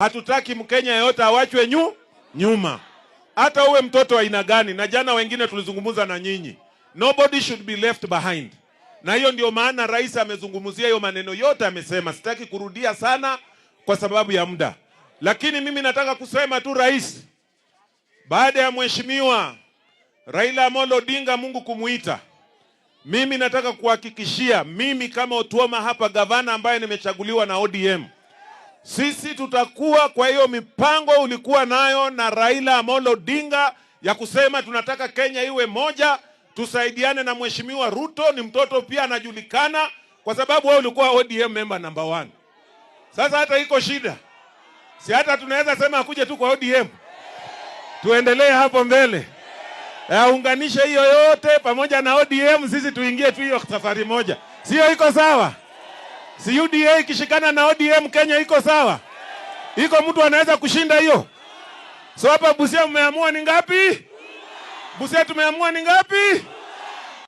Hatutaki Mkenya yeyote awachwe nyu, nyuma hata uwe mtoto wa aina gani. Na jana wengine tulizungumza na nyinyi, nobody should be left behind, na hiyo ndio maana rais amezungumzia hiyo maneno yote amesema. Sitaki kurudia sana kwa sababu ya muda, lakini mimi nataka kusema tu rais, baada ya mheshimiwa Raila Amolo Odinga Mungu kumuita, mimi nataka kuhakikishia, mimi kama Otuoma hapa, gavana ambaye nimechaguliwa na ODM sisi tutakuwa. Kwa hiyo mipango ulikuwa nayo na Raila Amolo Odinga ya kusema tunataka Kenya iwe moja, tusaidiane na mheshimiwa Ruto, ni mtoto pia anajulikana, kwa sababu wewe ulikuwa ODM member number one. Sasa hata iko shida, si hata tunaweza sema akuje tu kwa ODM, tuendelee hapo mbele aunganishe hiyo yote pamoja na ODM, sisi tuingie tu hiyo safari moja, sio? Iko sawa? Si UDA ikishikana na ODM Kenya iko sawa? Iko mtu anaweza kushinda hiyo? So hapa Busia mmeamua ni ngapi? Busia tumeamua ni ngapi?